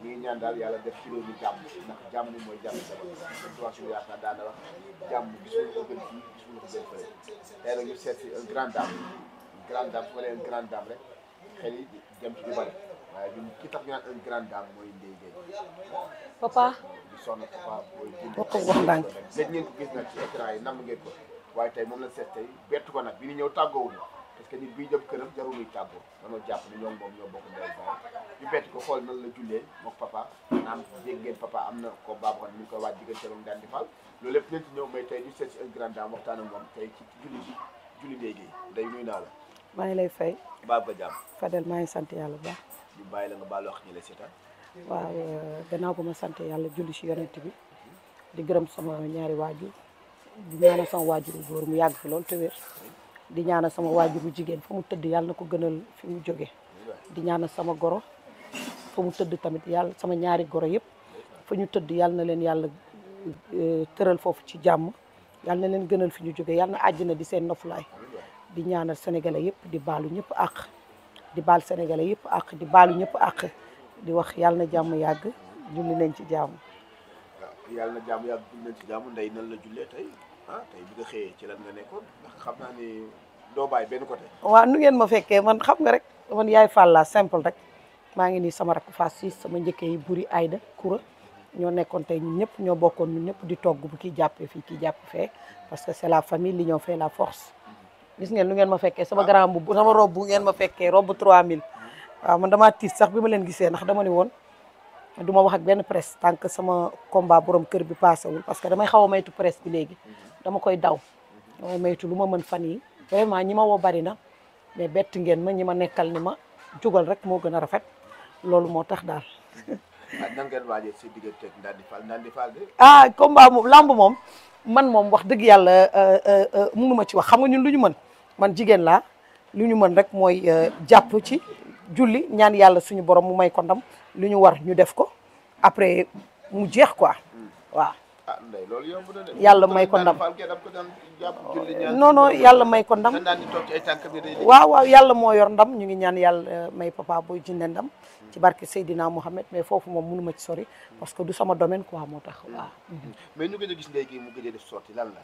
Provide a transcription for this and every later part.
ñu ngi ñaan daal yàlla def ci réew jàmm ndax jàmm mooy jàmm sabab sëñ Tuubaa suñu yaakaar daana wax jàmm gisul ko gën fii gisul ko gën ci lu bari waaye ñun ki mooy Ndeye Gueye papa di soxna papa booy jënd wax ndànk léegi ngeen ko gis nag ci écran yi nam ngeen ko waaye tey moom la seet tey bett ko nag bi ñu ñëw tàggoowuñu parce bii nit buy dem këram jarul muy tàggoo jàpp ni ñoom moom ñoo bokk ndey baay ko xool nan la jullee mook papa naam dégg ngeen papa am na ko baabu xam ne mi ngi koy waaj diggante moom daan di fal loolu lépp nañ ci ñëw may tey ñu seet si un grand dame waxtaan ak moom tey julli bi julli day gi naa la maa ngi lay fay baa ba jàmm Fadel maa ngi sant yàlla bu baax ñu bàyyi la nga baal wax ñi la seetaan waaw eh, gannaaw ba ma sant yàlla julli si yonent bi di gërëm sama ñaari waajur di ñaanal sama waajur góor mu yàgg loolu te wér di ñaanal sama waajur bu jigéen fa mu tëdd yàlla ko gënal fi ñu jóge di ñaanal sama goro fa mu tëdd tamit yàlla sama ñaari goro yëpp fa ñu tëdd yàlla na leen yàlla e, tëral foofu ci jàmm yàlla na leen gënal fi ñu jóge yàlla na àjjana di seen noflaay di ñaanal sénégalais yëpp di baalu ñëpp àq di baal sénégalais yëpp àq di baalu ñëpp àq di wax yàlla na jàmm yàgg julli nañ ci jàmm. yàlla na jàmm yàgg la ah tey ci lan nga nekkoon ndax xam naa ni waaw nu ngeen ma fekkee man xam nga rek man yaay Fall la simple rek maa ngi nii sama rakk fa si sama njëkkee yi buri Ayda Koura ñoo nekkoon tey ñun ñëpp ñoo bokkoon ñëpp di togg bu ki jàppee fii ki jàpp fee parce que c'est la famille l'union fait la force. gis ngeen lu ngeen ma fekkee sama ah. grand bu sama robe bu ngeen ma fekkee robe 3000 waaw man dama tiit sax bi ma leen gisee ndax dama ne woon du ma wax ak benn presse tant que sama combat borom kër bi paasewul parce que damay xaw a maytu presse bi léegi dama koy daw dama moytu lu ma mën fan yi vraiment ñi ma woo bari na mais betti ngeen ma ñi ma nekkal ni ma jugal rek moo gën a rafet loolu moo tax daal. Ah, nan ngeen waajee si diggante Ndandi Fall Ndandi ah combat moom lamb moom man moom wax dëgg yàlla euh, euh, euh, mënu ma ci wax xam nga ñun lu ñu mën man jigéen laa lu ñu mën rek mooy jàpp ci julli ñaan yàlla suñu borom mu may ko ndam lu ñu war ñu def ko après mu jeex quoi hmm. Ah, yàlla may ko ndam non non yàlla may ko ndam waaw waaw yàlla moo yor ndam ñu ngi ñaan yàlla eh, may papa booy jinne ndam ci barke Seydina Mohamed mais foofu moom mënuma ci sori parce que du sama domaine quoi moo tax waaw mm-hmm. mais ñu a a def sorti lan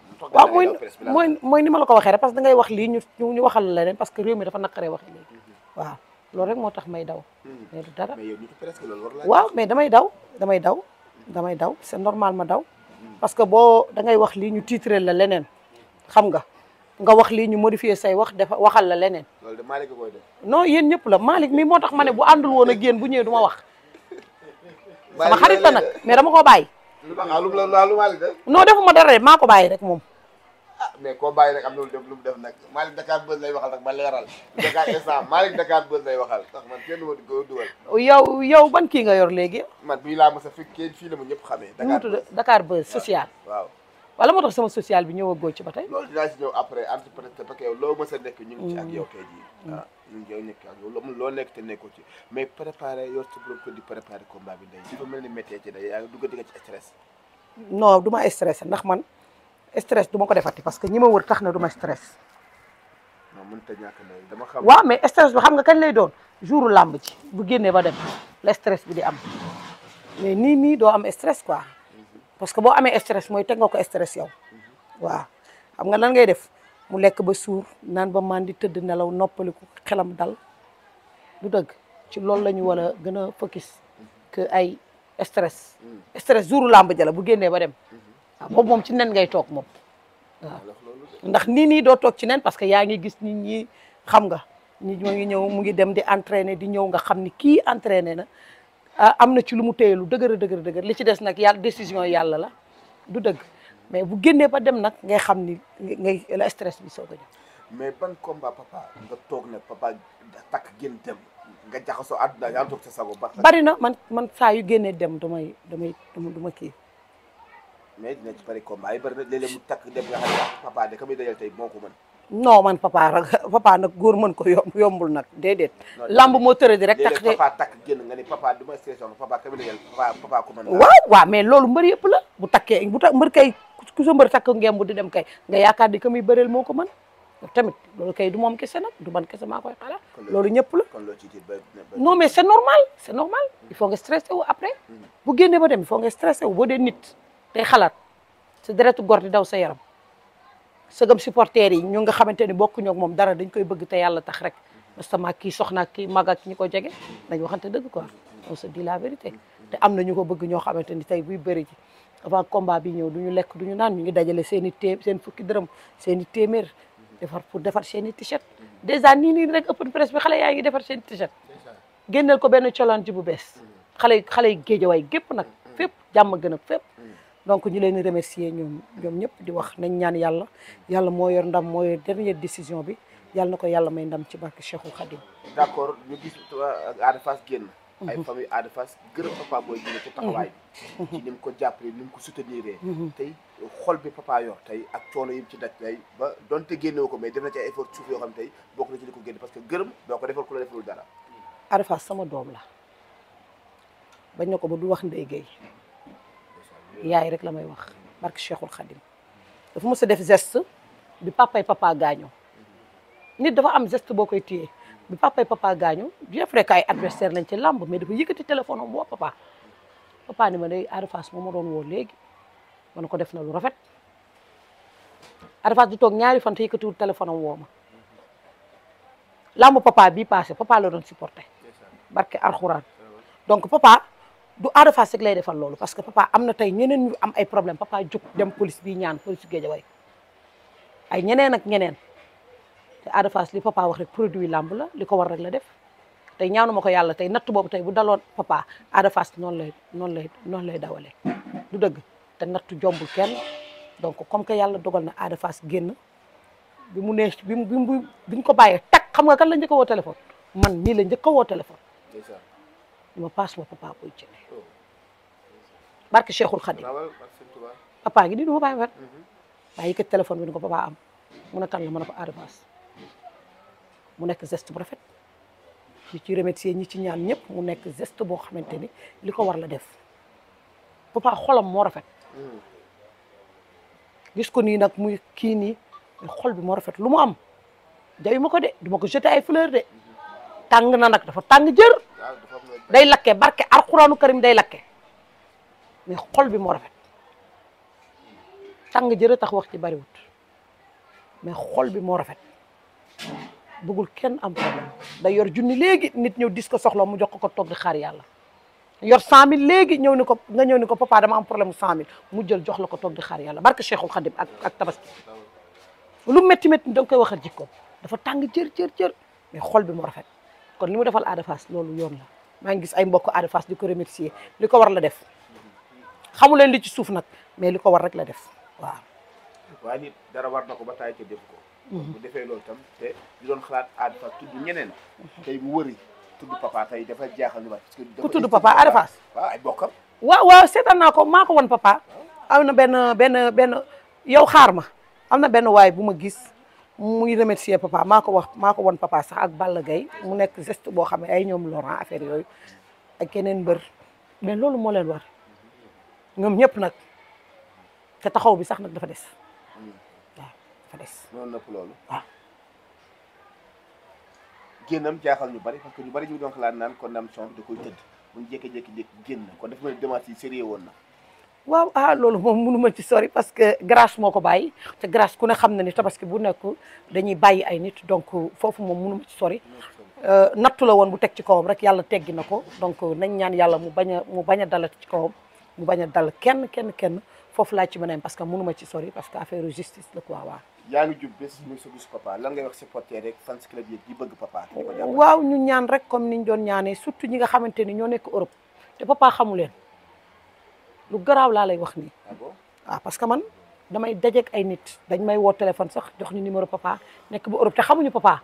mooy ni ma la ko waxee rek parce que da wax lii ñu ñu waxal la leneen parce que réew mi dafa naqaree waxe léegi mm-hmm. waaw loolu rek moo tax may daw mm-hmm. mais du dara waaw mais damay daw damay daw damay daw c'est normal ma daw parce que boo da ngay wax lii ñu titré la leneen xam nga nga wax lii ñu modifier say wax dafa waxal la leneen. loolu de Malick koy def. non yéen ñëpp la Malick mi moo tax ma ne bu àndul woon ak yéen bu ñëwee du ma wax. sama xarit la nag mais dama ko bàyyi. lu ma lu ma lu Malick def. non defuma dara maa ko bàyyi rek moom. mais koo bàyyi nag am na lu def lu mu def nag Malick Dakar Buzz lay waxal nag ma leeral Dakar instant Malick Dakar Buzz lay waxal ndax man kenn ma ko ban kii nga yor léegi man bii laa mos a fi kenn ñëpp xamee mu tudd Dakar Buzz social waaw wala moo tax sama social bi ñëw a góor ci ba tey loolu dinaa si loo mos a nekk ñu ngi mm. mm. ah, mais préparé yor sa borom kër di préparé combat bi day dafa mel stress ndax man stress du ma ko defati parce que ñi ma wër tax na du ma stress. waaw mais stress bi xam nga kañ lay doon jouru làmb ci bu génnee ba dem la stress bi di am mais nii nii doo am stress quoi parce que boo amee stress mooy teg nga ko stress yow waaw xam nga lan ngay def mu lekk ba suur naan ba mandi tëdd nelaw noppaliku xelam dal du dëgg ci loolu la ñu war a gën a focus que ay stress mm. stress jouru làmb ja bu génnee ba dem waaw boobu moom ci nen ngay toog moom waaw ndax nii nii doo toog ci nen parce que yaa ngi gis nit ñi xam nga nit ñoo ngi ñëw mu ngi dem di entraîner di ñëw nga xam ni kii entraîner na ah, am na ci lu mu téye lu dëgër dëgër dëgër li ci des nag yàlla décision yàlla la du dëgg mais bu génnee ba dem nag ngay xam ni ngay la stress bi soo ko jox mais ban combat papa nga toog ne papa takk génn dem nga jaxasoo àdduna yaa toog sa sago ba bari na man man saa yu génnee dem damay damay du ma kii mais dina ci pare combat yi papa de ko mën. non man papa rek papa nag góor mën ko yomb yombul nag déedéet. lamb moo tëradi takk de nga ni papa du ma stressé papa ka muy loolu mbër yëpp la bu takkee bu ta mbër kay ku sa mbër takk ngeen bu di dem kay nga yaakaar di ka muy moo ko mën. tamit loolu kay du moom kese nag du man kese maa koy xalaat loolu ñëpp la non mais c'est normal c'est normal il faut nga stressé wu après mm. bu génnee ba dem il faut nga stressé wu boo dee nit day xalaat sa deretu gor di daw sa yaram sëgam supporters yi ñu nga xamante ni bokkuñu ak moom dara dañ koy bëgg te yàlla tax rek parce que maa kii soxna kii mag ak ñi ko jege dañ waxante dëgg quoi on se dit la vérité am na ñu ko bëgg ñoo xamante ni tey buy bëri ji avant combat bi ñëw du ñu lekk du ñu naan ñu ngi dajale seeni i seen fukki dërëm seeni i téeméer defar pour defar seen i t-shirt dèjà nii nii rek ëpp presse bi xale yaa ngi defar seen i génneel ko benn challenge bu bees xale xale yi géejawaay gépp nag fépp jàmm gën ak fépp donc ñu leen remercier ñoom ñoom ñëpp di wax nañ ñaan yàlla yàlla moo yor ndam moo yor dernière décision bi yàlla na ko yàlla may ndam ci barke Cheikhul Khadim d'accord ñu gis euh, Ada Fass génn mhm. ay famille Ada Fass gërëm papa booy jine ci taxawaay bi mhm. ci ni ko jàppale ni mu ko soutenir mhm. tey xol bi papa yor tey ak coono yim ci daj ba donte génnewu ko mais def na ci ay effort suuf yoo xam tey bokk na ci li ko génn parce que gërëm doo ko defal ku la defalul dara Ada sama doom la bañ na ko ba du wax Ndeye Gueye yaay rek la may wax barke Cheikhul Khadim dafa mos a def geste bi papay papa gaañoo nit dafa am geste boo koy téye bi papay papa gaañoo bien vrai que ay lañ ci làmb mais dafa yëkkati ti am woo papa papa ni ma day Ada Fass moo ma doon woo léegi man ko def na lu rafet Ada Fass du toog ñaari fan te yëkkatiwul téléphone am woo ma làmb papa bi passé papa la doon supporté barke alxuraan donc papa du Ada Fass rek lay defal loolu parce que papa am na tey ñeneen am ay problème papa jóg dem police bi ñaan police Guédiawaye ay ñeneen ak ñeneen te Ada Fass li papa wax rek produit làmb la li ko war rek la def tey ñaanu ma ko yàlla tey natt boobu tey bu daloon papa Ada Fass noonu lay noonu lay noonu lay dawalee du dëgg te nattu jombul kenn donc comme que yàlla dogal na Ada Fass génn bi mu nee bi mu bi mu ko bàyyee tag xam nga kan la njëkk a woo téléphone man nii la njëkk a woo téléphone ni ma paas ma papa booy jënd barke Cheikhul Khadim papa gi di nu ma bàyyi fen waaye yëkkat téléphone bi ni ko papa am mun a kan la mën a ko arrêté mu nekk geste bu rafet ñi ci remercier ñi ci ñaan ñëpp mu nekk geste boo xamante ni li ko war la def papa xolam moo rafet gis ko nii nag muy kii nii xol bi moo rafet lu mu am jayu ma ko de duma ko jeté ay fleur de tàng na nag dafa tàng jër day lakke barke alxuraanu karim day lakke mais xol bi moo rafet tàng jërë tax wax ci bariwut mais xol bi moo rafet bëggul kenn am problème day yor junni léegi nit ñëw dis ko soxla mu jox ko ko toog di xaar yàlla yor 100000 léegi ñëw ni ko nga ñëw ni ko papa dama am problème mu mu jël jox la ko toog di xaar yàlla barke Cheikhul Khadim ak ak tabaski lu métti métti da nga koy waxal jikkoom dafa tàng jër jër jër mais xol bi moo rafet. kon li mu defal Ada loolu yoon la maa ngi gis ay mbokk Ada Fass di ko remercier li ko war la def xamu leen li ci suuf nag mais li ko war rek la def waaw. waaye nit dara war na ko ba taay ca def ko. Mhm. bu defee loolu tam te mhm. bu wëri tudd papa tey dafa jaaxal lu baax. ku tudd papa Ada Fass. wa ay bokkam. waaw naa ko maa ko woon papa. am na benn benn benn yow xaar ma am na benn waay bu ma gis. mu ngi remercier papa maa ko wax maa ko won papa sax ak Balla gay mu nekk geste boo xam ne ay ñoom Laurent affaire yooyu ak keneen mbër mais loolu moo leen war ñoom ñëpp nag te taxaw bi sax nag dafa des dafa des. loolu waaw. génnam jaaxal ñu bari parce que ñu bari ñu ngi doon xalaat naan kon am son da koy tëdd mu jékki-jékki jékki génn kon dafa mel ni démarche yi woon na. waaw ah loolu moom mënu ci sori parce que grâce moo ko bàyyi te grâce ku ne xam na ni que bu nekk dañuy bàyyi ay nit donc foofu moom mënu ma ci sori euh, nattu la woon bu teg ci kawam rek yàlla teggi na ko donc nañ ñaan yàlla mu bañ a mu bañ a dalat ci kawam mu bañ a dal kenn kenn kenn foofu laa ci mën a parce que mënu ma ci sori parce que affaire justice la quoi waaw. yaa ngi jub bés muy sa bisu papa lan ngay wax supporter rek waaw ñu ñaan rek comme niñ doon ñaanee surtout ñi nga xamante ni ñoo nekk Europe te papa xamu leen lu garaaw laa lay wax nii waaw ah ah, parce que man damay dajeeg ay nit dañ may woo téléphone sax jox ñu numéro papa nekk ba Europe te xamuñu papa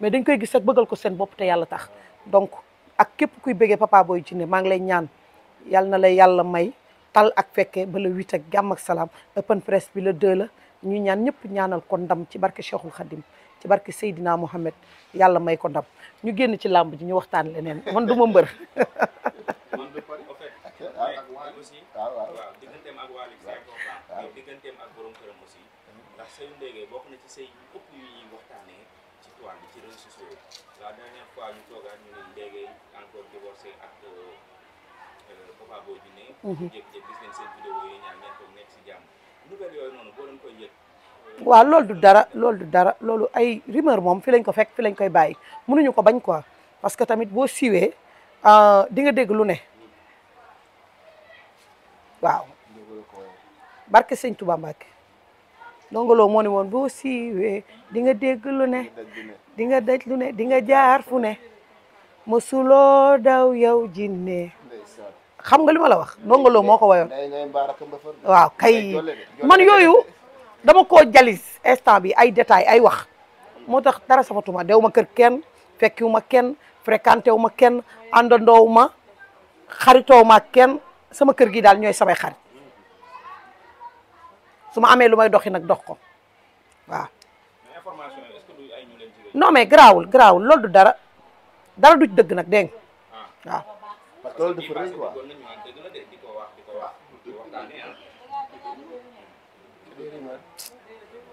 mais dañ koy gis rek bëggal ko seen bopp te yàlla tax donc ak képp kuy bëggee papa booy jinne maa ngi lay ñaan yàlla na lay yàlla may tal ak fekkee ba le huit ak jàmm salaam open press bi le la ñu ñaan ñëpp ñaanal ko ndam ci barke Cheikhul Khadim ci barke Seydina Mohamed yàlla may ko ndam ñu génn ci làmb ji ñu waxtaan leneen man du aussi waaw ah, waaw waaw digganteem ak Wally Seck waaw du dara lool du dara loolu ay rumeur moom fi lañ ko fekk fi lañ koy bàyyi mënuñu ko bañ quoi parce que tamit boo siwee euh, di dégg lu ne waaw barke sëñ Touba Mbacke ndongoloo moo ne woon boo siiwee di nga dégg ne di nga daj ne di nga jaar fu ne ma mësuloo daw yow jinne xam nga lu ma la wax ndongoloo moo ko wayoon waaw kay man yooyu dama ko jalis instant bi ay détay ay wax moo tax dara safatuma dew ma kër kenn fekkiwu ma kenn fréquenté wu ma kenn àndandoowu ma xaritoowu ma kenn sama kër gi daal ñooy samay xarit su ma amee lu may doxi nag dox ko waaw non mais garaawul garaawul loolu du dara dara du dëgg nag dégg nga ah. waaw parce que ah.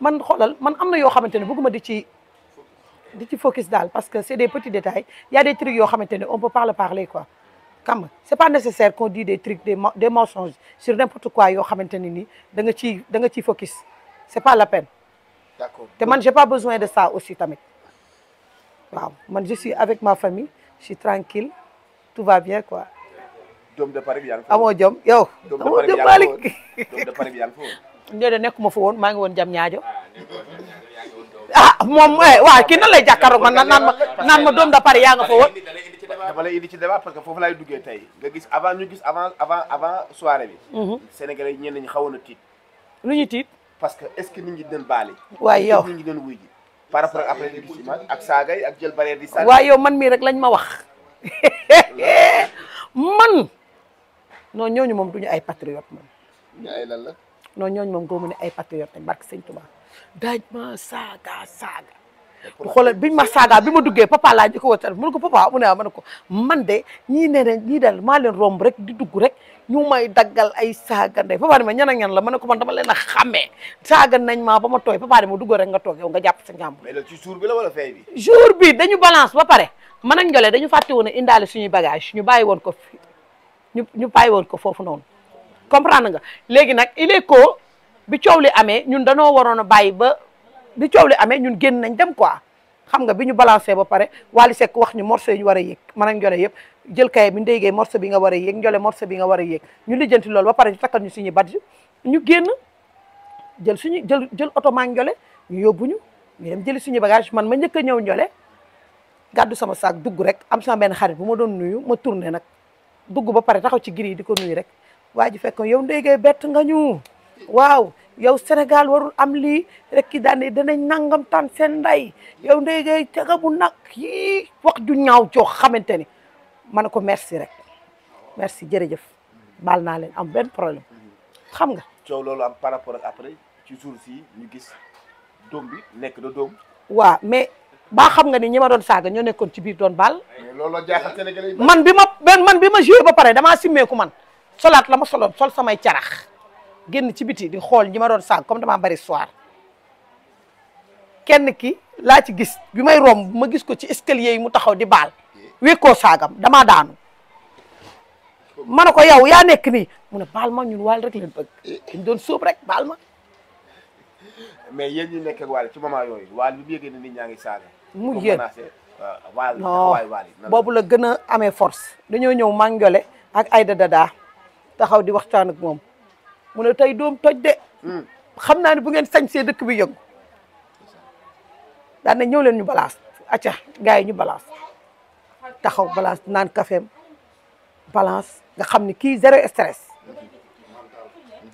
man xoolal man am na yoo xamante ne bëgguma di ci di ci focus daal parce que c'est des petits détails y a des trucs yoo xamante ne on peut paax parler quoi xam nga c'est pas nécessaire qu'on dit des trucs des des mensonges sur n'importe quoi yoo xamante ne ni da nga ci da nga ciy focus c'est pas la peine. te man j'ai pas besoin de sa aussi tamit waaw man je suis avec ma famille je suis tranquille tout va bien quoi. doom de Paris bi yaa ngi jom yow. doom de nekkuma fa woon maa ngi woon jam ñaajo. ah moom eh, waaw kii nan lay jàkkaarloo man ma naan ma doom de yaa nga fa woon. dafa lay indi ci débat parce que foofu laay duggee tey nga gis avant ñu gis avant avant avant soirée bi. Mhm. Sénégalais ñenn ñi xawoon na tiit. lu ñu tiit. parce que est-ce que ni ñi doon baale. waaye yow nit ñi doon wuy ji. par rapport ak ak saagay ak jël barrière di. saa waaye yow man mii rek lañ ma wax man. non ñooñu moom duñu ay patriote moom. ay lan la. non ñooñu moom góobu ne ay patriote lañ barke Sëñ Tuubaa daaj ma saaga saaga. xoolal biñ ma saaga bi ma duggee papa laa ji ko woo papa mu ne ah ma ko man de ñii nee na ñii daal maa leen rek di dugg rek ñu may daggal ay saaga ndey papa ne ma ñan ak ñan la ma ne ko man dama leen a xàmmee saaga nañ ma ba ma tooy papa ne ma dugg rek nga toog yow nga jàpp sa njàmbur. mais ci bi la wala balance ba pare man ak Ndiolé dañu fàtte woon a indaale suñuy bagage ñu bàyyi woon ko ñu ñu bàyyi woon ko foofu noonu comprendre nga léegi nag il est que bi coow li amee ñun dañoo waroon a bàyyi ba ni coow li amee ñun génn nañ dem quoi xam nga bi ñu balancé ba pare Wally Seck wax ñu morceau yi ñu war a yéeg man ak Ndiolé yëpp jël kaye bi ndéygee morceau bi nga war a yéeg Ndiolé morceau bi nga war a yéeg ñu lijjanti loolu ba pare ñu takkal ñu suñu badge ñu génn jël suñu jël jël oto maa Ndiolé ñu yóbbu suñu bagage man ma njëkk a ñëw Ndiolé gàddu sama saak dugg rek am sama benn xarit bu ma doon nuyu ma tourné nag dugg ba pare taxaw ci giri yi di ko nuyu rek waa ji fekk yow ndéygee bett nga ñu waaw yow Sénégal warul am lii rek ki daan danañ nangam tan seen nday yow ndey gay tega bu nag yii wax ju ñaaw joo xamante ni ma ne ko merci rek merci jërëjëf baal naa leen am benn problème xam nga. coow loolu par rapport ak après ci jour si ñu gis doom bi nekk na doom. waaw mais baa xam nga ni ñi ma doon saaga ñoo nekkoon ci biir doon bal looloo jaaxal man bi ma man bi ma joué ba pare damaa simmee simmeeku man solaat la ma soloon sol samay carax. génn ci biti di xool ñi ma doon sànq comme dama bari soir kenn ki laa ci gis bi may romb ma gis ko ci escalier yi mu taxaw di baal wékkoo saagam damaa daanu ma ne ko yow yaa nekk nii mu ne baal ma ñun waal rek leen doon sóob rek baal ma mais yéen ñu nekk ak waal yooyu waal bi mu yëgee ne ñaa ngi saaga mu yéen waal waal boobu la gën a amee force dañoo ñëw Mandiolé ak Aïda Dada taxaw di waxtaan ak moom mu ne tey doom toj de hmm. xam naa ne bu ngeen sañsee dëkk bi yëngu daan na ñëw leen ñu balaas acca gars yi ñu balaas taxaw balaas naan kafeem balance nga xam ni kii zéro stress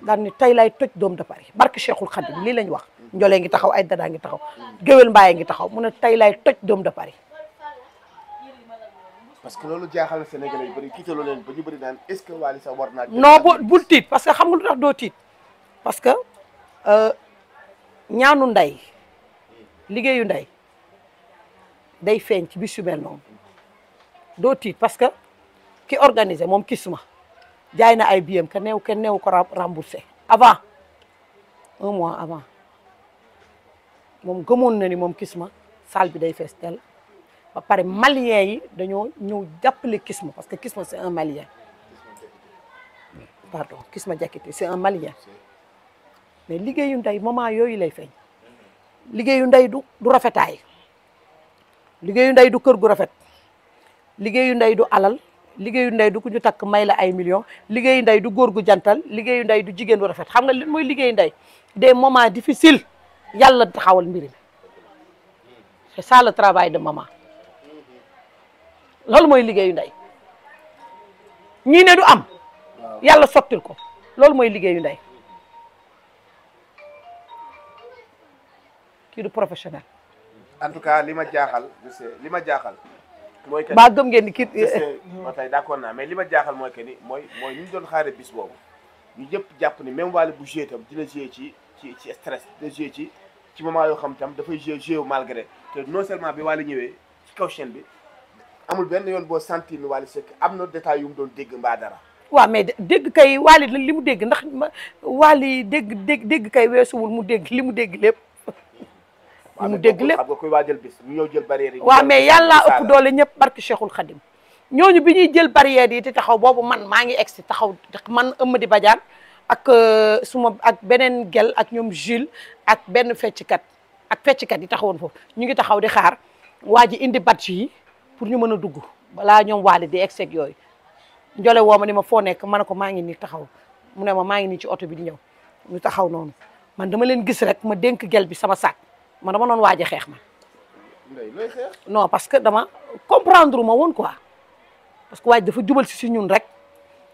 daan ni tey lay toj doom de Paris barke Cheikhul Khadim lii lañ wax njolee ngi taxaw ay dadaa ngi taxaw géwél mbaayee ngi taxaw mu ne tey lay toj doom de pari parce que loolu jaaxal Sénégalais yu bëri tiitaloo leen ba ñu bëri naan est-ce que naa. non bu bul tiit parce que xam nga lu tax doo tiit parce que euh, ñaanu ndey liggéeyu ndey day feeñ ci bis yu mel doo tiit parce que ki organisé moom ma jaay na ay biyam ka neew kenn neew ko remboursé avant un mois avant moom gëmoon na ni moom kisuma salle bi day fees tel ba pare malien yi dañoo ñëw jàppale Kisma parce que Kisma c'est un malien pardon Kisma Diakité c'est un malien mais liggéeyu day moment yooyu lay feeñ liggéeyu ndey du du rafetaay liggéeyu ndey du kër gu rafet liggéeyu ndey du alal liggéeyu ndey du ku ñu takk may la ay millions liggéeyu ndey du góor gu jantal liggéeyu ndey du jigéen bu rafet xam nga li mooy liggéeyu ndey des moments difficiles yàlla taxawal mbir mi c'est ça le travail de maman loolu mooy liggéeyu ndey ñii ne du am yàlla sottil ko loolu mooy liggéeyu ndey kii du professionnel. en tout cas lima ma jaaxal li ma jaaxal. mooy que gëm ngeen ni kii. ba tey d'accord naa mais li ma jaaxal mooy que ni mooy mooy ñu doon xaare bis boobu ñu jëpp jàpp ni même wàllu bu joué tam dina joué ci ci ci stress dina joué ci ci moment yoo xam tam dafay joué joué malgré te no seulement bi wàllu ñëwee ci kaw bi. amul benn yoon boo sentir ni Wally Seck am na détail doon dégg mbaa dara waa mais dégg kay Wally li mu dégg ndax Wally dégg dégg dégg kay weesuwul mu dégg li mu dégg lépp mu dégg lépp koy waajal bis mu ñëw jël mais yàlla ëpp doole ñëpp barke Cheikhul Khadim ñooñu bi ñuy jël barrière yi te taxaw boobu man maa ngi egg si taxaw man Eumeudi Badiane ak euh, suma ak beneen gel ak ñoom Jules ak benn fecckat ak fecckat yi taxawoon foofu ñu ngi taxaw di xaar waa ji indi bat yi pour ñu mën a dugg balaa ñoom waale di egg yooyu njole woo ma ni ma foo nekk ma ne ko maa ngi nii taxaw mu ne ma maa ngi nii ci oto bi di ñëw ñu taxaw noonu man dama leen gis rek ma dénk gel bi sama saak man dama noon waaj a xeex ma non parce que dama comprendre ma woon quoi parce que waaj dafa jubal si si ñun rek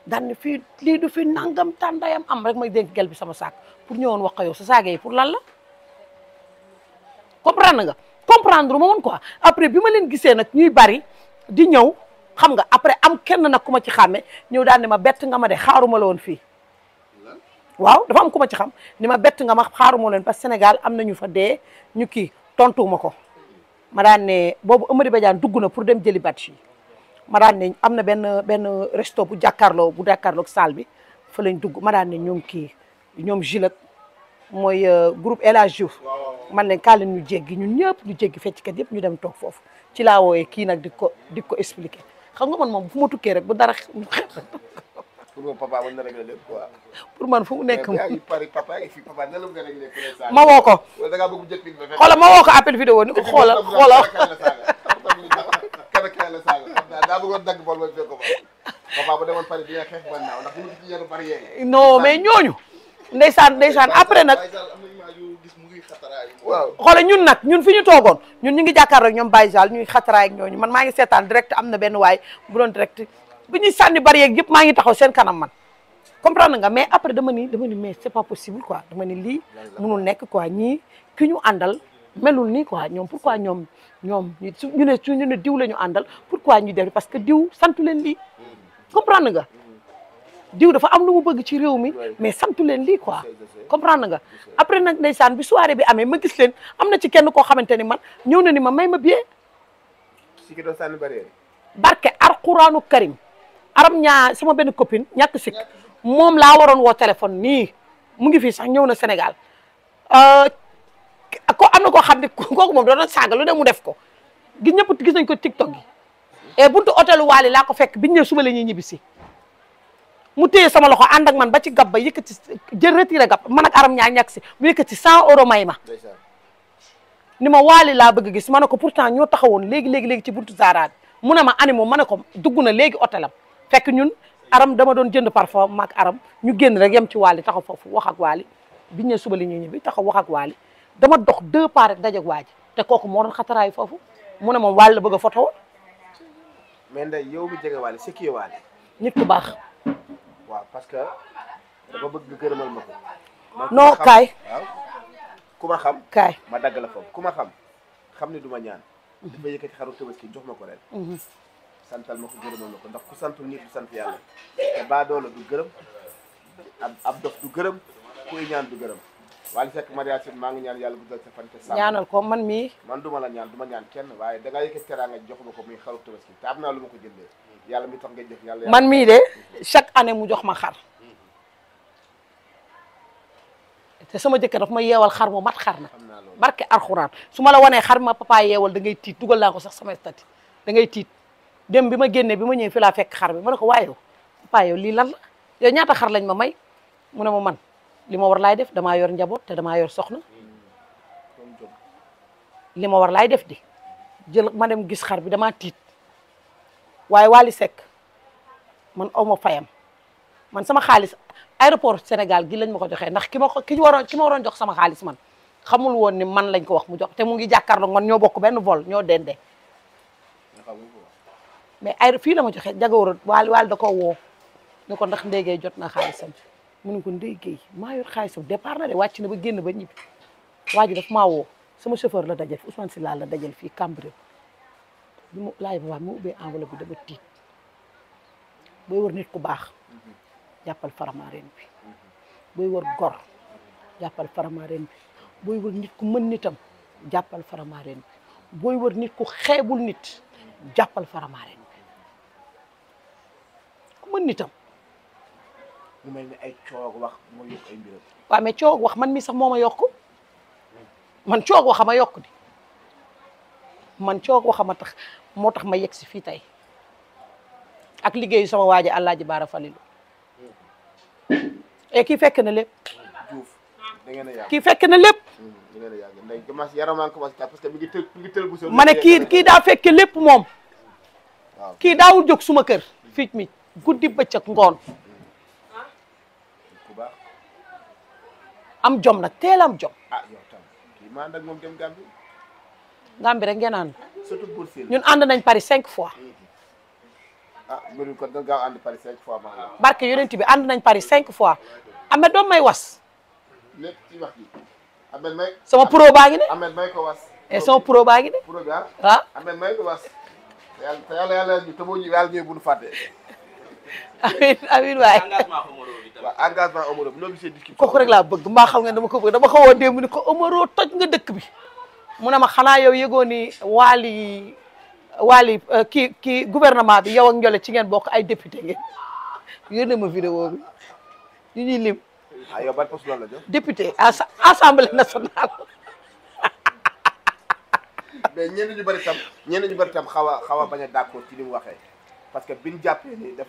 daan fii lii du fi nangam tàndayam am rek ma dénk gel bi sama sac pour ñëwoon wax sa saag pour lan la comprendre nga comprendre moom woon quoi après bi ma leen gisee nag ñuy bari di ñëw xam nga après am kenn nag ku ma ci xàmme ñëw daan ne ma bett nga ma de xaaruma la woon fii waaw dafa am ku ma ci xam ni ma bett nga ma xaaruma leen parce que Sénégal am na ñu fa dee ñu kii tontuwuma ko ma daan ne boobu Amady Badiane dugg na pour dem jëli batch yi ma daan ne am na benn benn resto bu jàkkaarloo bu jàkkaarloo ak bi fa lañ dugg ma daan ne ñoom kii ñoom Gilles mooy euh, groupe El Hadj Diouf man ne kaale ñu jéggi ñun ñëpp ñu jéggi fecckat yëpp ñu dem toog foofu ci laa wooyee kii nag di ko di ko expliqué xam nga man moom fu ma tukkee bu dara pour papa mën na lépp quoi. pour man fu nekk moom mais pari papa la nga régler ma woo ko. wala bëgg jëkk bi nga xoolal ma woo ko appel ni ko xoolal xoolal. keneen la saaga daa bëggoon dagg bool ba fekk ko ba papa bu bu ñu ci yenn barrière yi. ndeysaan ndeysaan après nag waaw xoolal ñun nag ñun fi ñu toogoon ñun ñu ngi jàkkaar rek ñoom Baye Sall ñuy xataraay ak ñooñu man maa ngi seetaan direct am na benn waay bu doon direct bu ñuy sànni bari yeeg yëpp maa ngi taxaw seen kanam man comprendre nga mais après dama ni dama ni mais c'est pas possible quoi dama ni lii mënul nekk quoi ñii ki ñu àndal melul nii quoi ñoom pourquoi ñoom ñoom ñu ne su ñu ne diw la ñu àndal ñu def parce que diw santu leen lii hmm. comprendre nga diw dafa am lu mu bëgg ci réew mi mais santu leen lii quoi comprendre nga après nag ndeysaan bi soirée bi amee ma gis leen am na ci kenn koo xamante ni man ñëw na ni ma may ma billet si bari barke ar quraanu karim aram ñaa sama benn copine ñàkk sikk moom laa waroon woo téléphone nii mu ngi fii sax ñëw na Sénégal euh, ko am na koo xam ne kooku moom doon saaga lu de mu def ko gis ñëpp gis nañ ko TikTok gi et buntu hôtel Waly laa ko fekk biñ ñëw suba la ñuy ñibbisi mu téye sama loxo ànd ak man ba ci gab ba yëkkati jël retiré gab man ak aram ñaa ñàkk si mu yëkkati cent euros may ma ni ma waali laa bëgg gis ma ne ko pourtant ñoo taxawoon léegi léegi léegi ci buntu Zara bi mu ne ma animo ma ne ko dugg na léegi hôtelam fekk ñun aram dama doon jënd parfum maak aram ñu génn rek yam ci waali taxaw foofu wax ak waali biñ ne suba li ñuy ñibbi taxaw wax ak waali dama dox deux pas rek dajeeg waa ji te kooku moo doon xataraayu foofu mu ne moom waali la bëgg foto mais nday yow mi jege waali c'est qui waali baax waaw parce que dafa bëgg gërëmal ma ko. non kaay waaw ma xam. kaay ma dagg la foofu ku ma xam xam ni du ma ñaan. dafa yëkkati xaru tabaski jox ma ko ren. Mhm. santal ma ko gërëmal ma ko ndax ku santul nit du sant yàlla te baadoola du gërëm ab dof du gërëm kuy ñaan du gërëm. Wally Seck Maria Sine ngi ñaan yàlla guddal sa fan te man mii man duma la ñaan ñaan kenn waaye da ngaa yëkkati teraanga ko muy xaru tabaski te am ko jëndee yàlla mi tax nga jëf yàlla man mii de chaque année mu jox ma xar te sama jëkkër daf ma yeewal xar mu mat xar na barke alxuraan su ma la wanee xar ma papa yeewal da ngay tiit dugal naa ko sax sama stati da ngay tiit dem bi ma génnee bi ma ñëwee fi laa fekk xar bi ma ne ko waaye yow papa yow lii lan la ñaata xar lañ ma may mu ne ma man li ma war laay def damaa yor njaboot te damaa yor soxna li ma war laay def di jël ma dem gis xar bi damaa tiit waaye wali sekk man aw ma fayam man sama xaalis aéroport Sénégal gi lañ ma ko joxe ndax ki ma ko ki waroon ki ma waroon jox sama xaalis man xamul woon ni man lañ ko wax mu jox te mu ngi jàkkaarloog man ñoo bokk benn vol ñoo dende mais ay fii la ma joxe jagawara waali waali da ko woo ni ko ndax ndéegee jot na xaalisam mu ne ko Ndeye Guèye maa yor xaalisam départ na de wàcc na ba génn ba ñibbi waa ji daf maa woo sama chauffeur la dajal Ousmane Sylla la dajal fii Cambérène bi mu laaj ba wax mu ubbee enveloppe bi dama tiit booy war nit ku baax jàppal faramareen bi booy war gor jàppal bi booy war nit ku mën nitam jàppal faramareen bi booy war nit ku xeebul nit jàppal faramareen bi ku mën nitam mu mel ni ay coog wax moo yokk ay wax man mi sax moo ma yokk man coog wax a yokk di man coog wax a tax moo tax ma yegg si fii tey ak liggéeyu sama waaji Alaaji Baara Falilu et kii fekke na lépp. kii fekk na lépp. Hmm, ma ne kii kii daa fekke lépp moom. kii daawul jóg suma kër. fii mi guddi bëccëg ngoon. am jom nag teel am jom. ah yow tam kii maa nag moom dem Gambie. ngeen ànd. ñun ànd nañ Paris cinq fois. ah mënuñ ko da gaaw ànd bi ànd nañ pari cinq fois Ahmed doom may was. lépp ci wax ji Ahmed may. sama pro baa ngi ne. Ahmed may ko waaw engagement Omaro bi noo gisee discussion kooku rek laa bëgg mbaa xam nga dama ko bëgg dama xaw a démb ni ko Omaro toj nga dëkk bi mu ne ma xanaa yow yëgoo ni waali waali euh, kii kii gouvernement bi yow ak Ndiolé ci ngeen bokk ay député ngeen yónnee ma vidéo bi ñu ñuy lim. ah yow ban poste la jox. député assemblée nationale. mais ñenn ñu tam ñenn ñu bëri tam xaw a xaw a bañ a d'accord ci li mu waxee. parce que biñ jàppee ni daf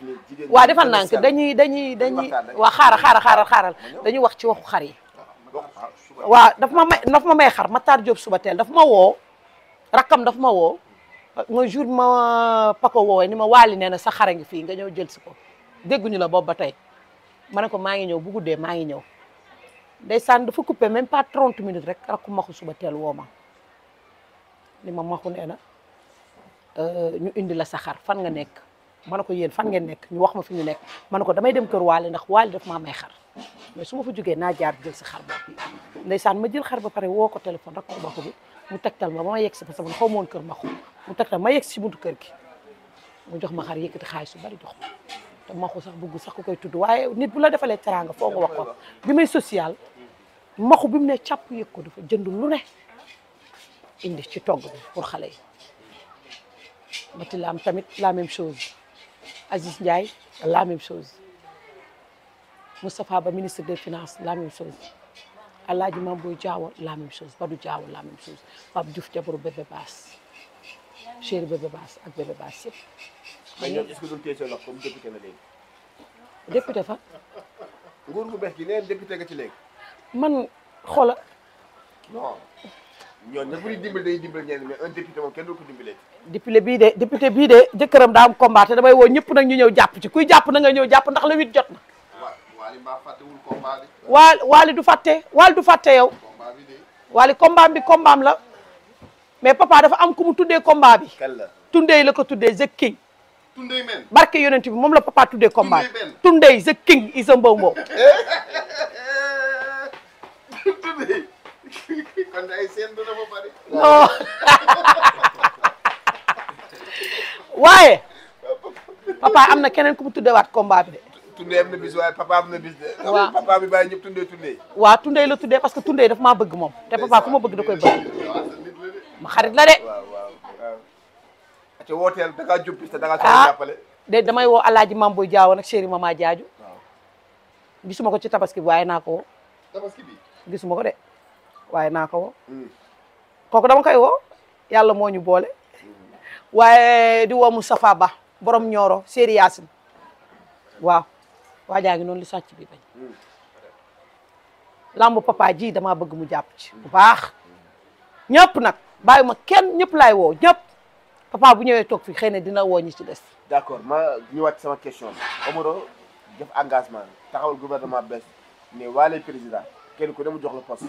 defal naa ko dañuy dañuy dañuy waaw xaaral xaaral xaaral dañuy wax ci waxu xar yi ah, waaw daf ma may daf ma may xar Matar Diop suba teel dafa ma woo rakkam daf ma woo mooy jour ma pako woowee ni ma waali nee na xar a ngi fii nga ñëw jël si ko dégguñu la boobu ba tey ma ne ko maa ngi ñëw bu guddee maa ngi ñëw ndeysaan dafa coupé même pas 30 minutes rek rakku maxu suba teel woo ma ni ma maxu nee na euh, ñu indi la sa xar fan nga nekk ma ne ko yéen fan ngeen nekk ñu wax ma fi ñu nekk ma ne ko damay dem kër waale ndax waale daf maa may xar mais su ma fa jógee naa jaar jël si xar boobu ndeysaan ma jël xar ba pare woo ko téléphone rek ko ma ko bi mu tegtal ma ba yegg si parce que man xaw kër ma ko mu tegtal ma yegg si buntu kër gi mu jox ma xar yëkkati xaalis su bari jox ma te sax bëgg sax ku koy tudd waaye nit bu la defalee teraanga foo wax ko bi may social maxu bi mu ne càpp yëg ko dafa jënd lu ne indi ci togg pour xale yi mati laam tamit la même chose Aziz Ndiaye la même chose Moustapha Ba ministre des finances la même chose Alaaji Mam Boy Diawo la même chose Badou Diawo la même chose Pape Diouf jabaru baas chéri bébé baas ak bébé baas yëpp. mais ñoom est-ce que la léegi. député fa. nguur bees gi nee ci léegi. ñooñu nag bu ñuy dimbali day dimbali ñenn bii de député bii de jëkkëram daa am combat te damay woo ñëpp nag ñu ñëw jàpp ci kuy jàpp na nga ñëw jàpp ndax le huit jot na. waali waal du fàtte waali du fàtte yow. combat bi bi combat am la mais papa dafa am ku mu tuddee combat bi. kan la Tunde la ko tuddee the king. barke yonent bi moom la papa tuddee combat bi. Tunde men Tunde the king is a man ay waaye. papa am na keneen ku mu tuddewaat combat bi de. Tunde am na bis waaye papa am na bis de. waaw papa bi bàyyi ñëpp Tunde la tuddee parce que Tunde daf maa bëgg moom te papa ku ma bëgg da bëgg. ma xarit la de. waaw waaw waaw. te wooteel da ngaa jub te da ngaa a ah, jàppale. woo Alaaji Mam Boy Jaawo nag chéri mama Jaaju. gisuma ko ci tabaski waaye naa ko woo. tabaski ko de. waaye naa ko woo mm. kooku dama koy woo yàlla moo ñu boole mm. waaye di woo Moustapha Ba borom ñooro Séri Yaasin waaw jaa ngi noonu li sàcc bi bañ mm. lamb papa ji damaa bëgg mu jàpp ci bu baax ñëpp nag bàyyi ma kenn ñëpp laay woo ñëpp papa bu ñëwee toog fi xëy na dina woo ñi ci des d'accord ma ñëwaat sama question bi Omaro def engagement taxawal gouvernement bees ne waale président kenn ku ne mu jox la poste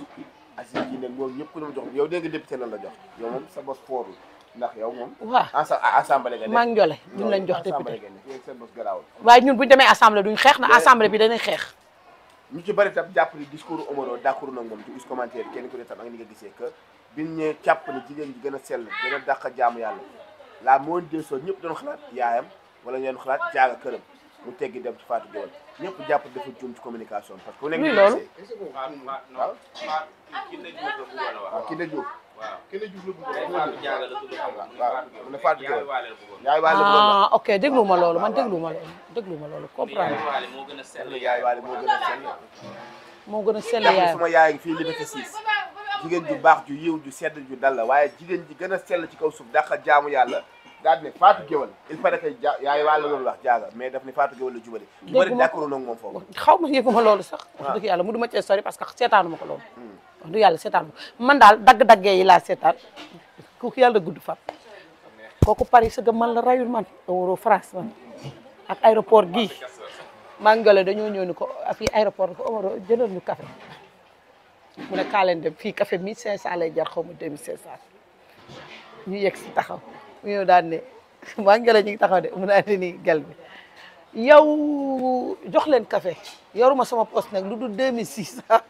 Aziz kii nag moom ñëpp ku la ma jox yow dégg nga député lan la jox yow moom sa bos fooru ndax yow moom waaw assemblée nga lañ jox député seen bos garaawul waaye ñun buñu demee assemblée duñ xeex na assemblée bi danañ xeex ñu ci bëri tam jàpp ni discours Omaro d'accord nag moom ci us commentaire kenn ku ne tam ak ni nga gisee que biñ ñee jàpp ni jigéen ji gën a sell gën a dàq jaamu yàlla la moon de soo ñëpp doon xalaat yaayam wala ngeen xalaat jaaga këram mu teggi dem ci Fatou Gueye jàpp dafa juum ci communication parce que. oui loolu ku nekk waaw ah, waaw keneen jiw la yaay waale ah ok déglu ma loolu man déglu ma loolu déglu moo gën a sell yaay moo gën a sell yaay sama fii liberté 6 jigéen ju baax ju yiw ju sedd ju dal la waaye jigéen ji gën a sell ci kaw suuf dàqa jaamu yàlla daal ne Fatou Guewel mais daf ne Fatou Guewel la jubale ñu ma yëguma loolu sax ah. yàlla mu duma cee sori parce que seetaanu ma ko hmm. yàlla seetaanu ma man daal dagg-daggee yi laa seetaan kooku yàlla gudd fa kooku Paris sëgg man la rayul man waroo France man ak aéroport gii mangale dañoo ñëw ni ko fii aéroport ko Omaro jëndal ñu mu ne kaa leen dem fii café 1500 lay jar xaw ma 2500 ñu yegg si taxaw mu ñëw daal ne maa ngi ñu ngi de mu daal di ni gel bi yow jox leen café yoruma sama poste nag lu dul deux mille six cent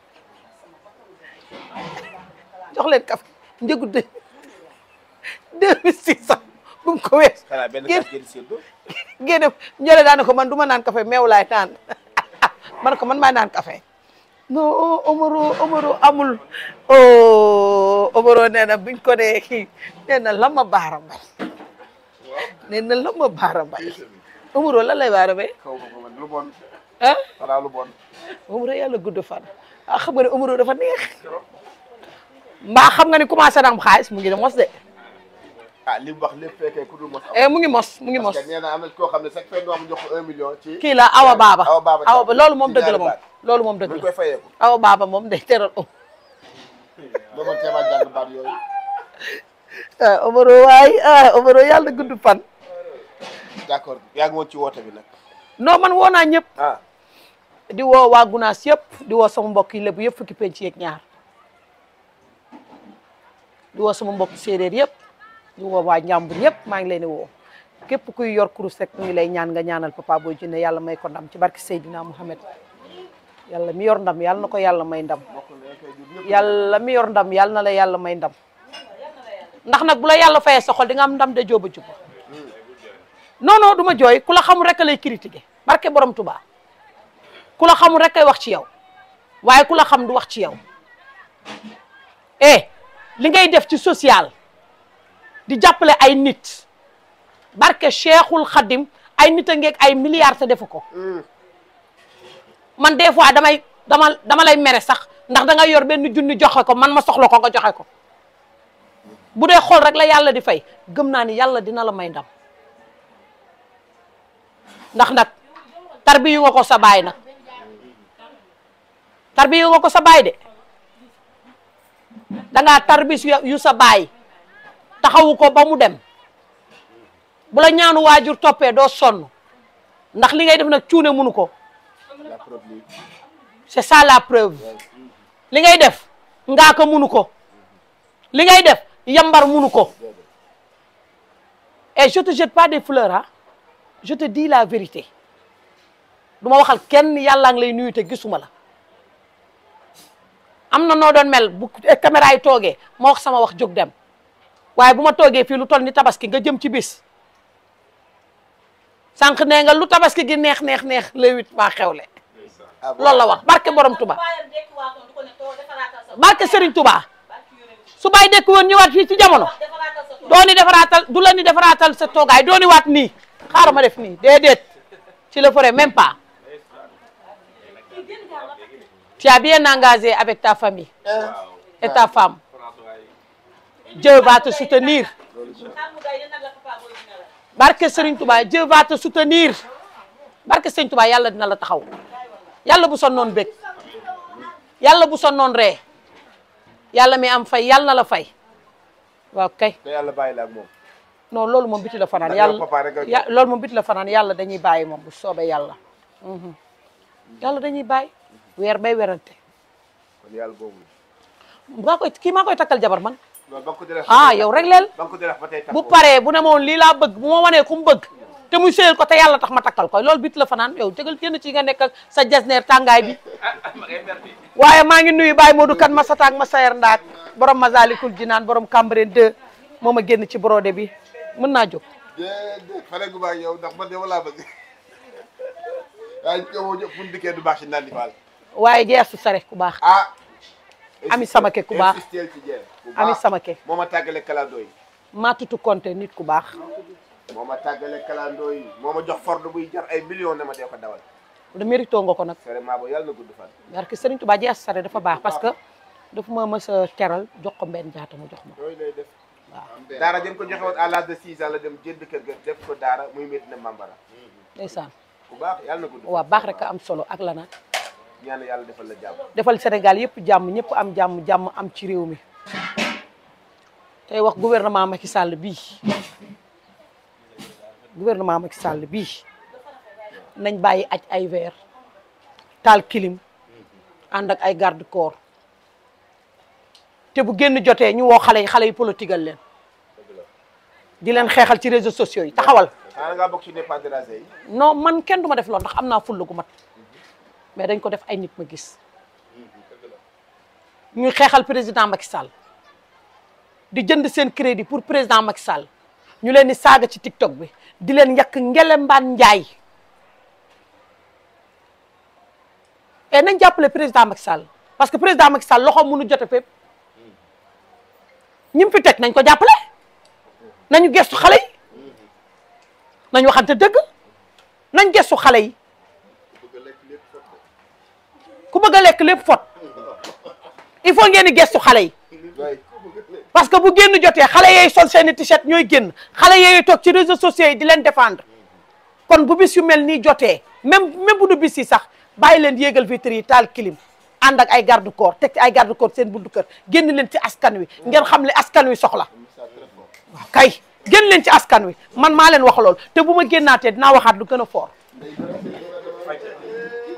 jox leen café njëgu deux mille six cent bu mu ko ko man du ma naan café meew laay naan man ko man maa naan café non Omaro Omaro amul oh. Omaro nee na buñ ko nee kii nee na lan ma baara mbay nee na lan ma baara mbay Omaro lan lay baara mbay lu bon ah xanaa lu bon Omaro yàlla gudd fan ah xam nga ne Omaro dafa neex mbaa xam nga ni commencé na am xaalis mu ngi de mos de ah li mu wax eh, ngi mos mu ngi mos koo xam ne chaque fois mu jox ko un million. ci kii la Awa Baba loolu moom dëgg la moom. loolu moom dëgg la koy fayeeku Awa baaba moom day o doo ma teema jàng baat yooyu ah Omaro waay ah, fan d'accord ci woote bi nag non man wo naa ñëpp ah. di woo waa Gunaas yëpp di woo sama mbokk yi lébu yëpp fukki penc ñaar di woo sama mbokk séeréer yëpp di woo waa njàmbur yëpp maa ngi leen di woo képp kuy yor kurus rek mu ngi lay ñaan nga ñaanal Papa Boy ne yàlla may ko ndam ci barke Seydina Mouhamed yàlla mi yor ndam yàlla na ko yàlla may ndam yàlla mi yor ndam yàlla na la yàlla may ndam ndax nag bu la yàlla fayee sa di nga am ndam de jóoba juba non non du ma jooy ku la xamul rek lay critiqué barke borom Tuubaa ku la xamul rek kay wax ci yow waaye ku la xam du wax ci yow eh li ngay def ci social di jàppale ay nit barke Cheikhul Khadim ay nit a ngek ay milliards te defu ko mm. man des fois damay dama dama lay mere sax ndax da yor benn junni joxe ko man ma soxla ko nga joxe ko bu dee xool rek la yàlla di fay gëm naa ni yàlla dina la may dam ndax nag tarbiyu nga ko sa baay nag tarbiyu nga ko sa baay de dangaa tarbis yu sa baay taxawu ko ba mu dem bu la ñaanu waajur toppee doo sonn ndax li ngay def nag cuune munu ko c'est ça la preuve li ngay def ngaa ko munu ko li ngay def yambar munu ko et je te jette pas des fleurs ah je te dis la vérité du ma waxal kenn yàllaa ngi lay nuyu te gisuma la am na noo doon mel bu e caméra yi toogee ma wax sama wax jóg dem waaye bu ma toogee fii lu toll ni tabaski nga jëm ci bis sànq nee nga lu tabaski gi neex neex neex le huit maa xewle loolu la wax barke borom Touba barke Serigne Touba su bàyyi dekk woon ñëwaat fii ci jamono dooni defaraatal du la ni defaraatal sa toogaay dooni waat nii xaaral ma def nii déedéet ci le ferai même pas tu as bien engagé avec ta famille eh. et ta femme Dieu va te soutenir barke Serigne Touba Dieu va yàlla dina la taxaw yàlla bu son noon bég yàlla bu son noon ree yàlla mi am fay yàlla la fay waaw kay. te la ak loolu moom biti la fanaan yàlla yàlla loolu moom biti la fanaan yàlla dañuy bàyyi moom bu soobee yàlla. Mhm. yàlla dañuy bàyyi weer bay werante. kon yàlla boobu koy takkal jabar man. ah yow rek bu paree bu ne ma lii laa bëgg bu ma wanee ku te muy sëyal ko te yàlla tax ma takkal ko loolu bit la fanaan yow jëgal kenn ci nga nekk ak sa jasneer tàngaay bi waaye maa ngi nuyu Baye Modou kan ma sataak ma sayer ndaak borom Masalikul naan borom Cambérène 2 moo ma génn ci brodé bi mën naa jóg déedéet yow ndax man yow laa bëgg waaye yow fu ñu dikkee du baax si naan di faal waaye jeesu ku baax ah ami sama ku baax ami samake moo ma tàggale kalaadoo yi maatutu konte nit ku baax moo ma tàggale kalandoo yi moo ma jox ford buy jar ay millions ne ma dee ko dawal da mérito nga ko nag vraiment ba yàlla na gudd fan parce que Serigne Touba ji asare dafa baax parce que dafa ma mës a jox ko mbenn jaata mu jox ma yooyu lay def waaw daara jëm ko joxe woon à l'âge de six ans la dem jënd kër ga def ko daara muy Medina Bambara ndeysaan bu baax yàlla na gudd waaw baax rek am solo ak la nag yàlla defal la jàmm defal Sénégal yëpp jàmm ñëpp am jàmm jàmm am ci réew mi tey wax ma Macky Sall bii gouvernement Macky Sall bii nañ bàyyi aj ay verre taal kilim ànd ak ay garde corps te bu génn jotee ñu woo xale yi xale yi politigal leen di leen xeexal ci réseaux sociaux yi taxawal. xanaa ah, ngaa bokk ci non man kenn du ma def loolu ndax am naa fulla gu mat mais dañ ko def ay nit ma gis ñuy xeexal président Macky Sall di jënd seen crédit pour président Macky Sall. ñu leen di saaga ci tiktok bi di leen yàq ngelembaan njaay et eh, nañ jàppale président Macky Sall parce que président Macky Sall loxo mënu jote fépp ñi mu fi teg nañ ko jàppale nañu gestu xale yi nañ dëgg nañ gestu xale yi ku bëgg a lekk lépp fot il faut ngeen di gestu xale yi parce que bu génn jotee xale yooyu sol seeni t-shirt ñooy génn xale yooyu toog ci réseaux sociaux yi di leen défendre kon bu bis yu mel nii jotee même même bu du bis yi sax bàyyi leen yéegal vitre yi taal kilim ànd ak ay garde corps teg ci ay garde corps seen buntu kër génn leen ci askan wi ngeen xam ne askan wi soxla waaw kay génn leen ci askan wi man maa leen wax lool te bu ma génnaatee dinaa waxaat lu gën a fort